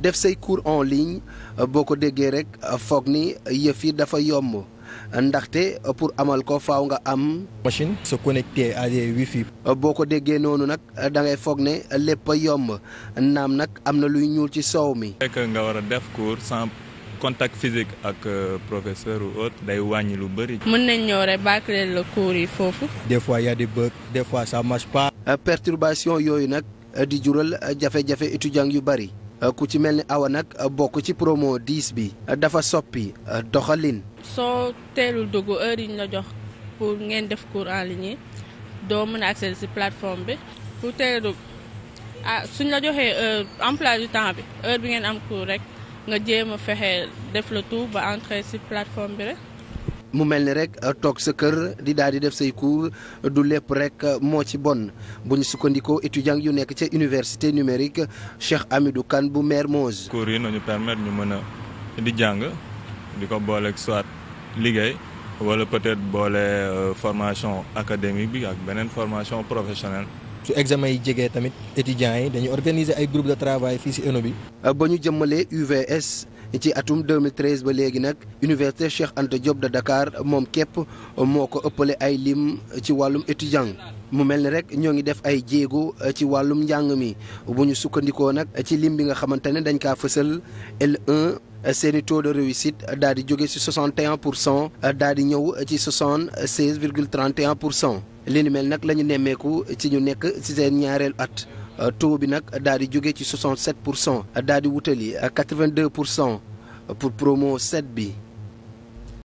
def say cours en ligne euh, boo ko déggee rek euh, foog ni yëf yi dafa yomb ndaxte euh, pour amal ko faw nga am. machine se connecter à des wifi. boo ko déggee noonu nag da ngay foog ne lépp yomb naam nag am na luy ñuul ci soow mi. fekk nga war a def cours sans contact physique ak professeur ou autre day wàññi lu bëri. mën nañ ñëw rek bâcler cours yi foofu. des fois y a des bugs des fois ça marche pas. perturbation yooyu nag di jural jafe-jafe étudiants yu bëri. Euh, ku ci mel ni awa nag euh, bokk ci promo 10 bi euh, dafa soppi doxalin. soo teelul dugg heure yi ñu la jox pour ngeen def cours en ligne doo mën a accéder ci plateforme bi pour teel dugg ah suñ la joxee heure emploi du temps bi heure bi ngeen am cours rek nga jéem a fexe def le tout ba entrer ci plateforme bi rek. mu mel ni rek euh, toog sa kër di daal di def say cours euh, du lépp rek euh, moo ci bon bu ñu sukkandikoo étudiants yu nekk ca université numérique Cheikh Hamidou Kane bu Mermoz. cours yi nañu permettre ñu mën a di jàng di ko booleeg soit liggéey wala peut-être boole formation académique bi ak beneen formation professionnelle. su examen yi jege tamit étudiants yi dañu organiser ay groupe de travail fii si ENO bi. ba ñu jëmmalee UVS. ci atum 2013 ba léegi nag université Cheikh Anta Diop de Dakar moom képp moo ko ëppale ay lim ci wàllum étudiant mu mel ni rek ñoo ngi def ay jéego ci wàllum njàng mi bu ñu sukkandikoo nag ci lim bi nga xamante ne dañ kaa fësal L1 seeni taux de réussite daal di jóge ci 61 pour cent daal di ñëw ci 76 virgule 31 pour cent li ni mel nag la ñu nemmeeku ci ñu nekk ci seen ñaareelu at. Euh, taux bi nag daal di jóge ci 67 pour cent daal di wutali 82 euh, pour cent pour promo 7 bi.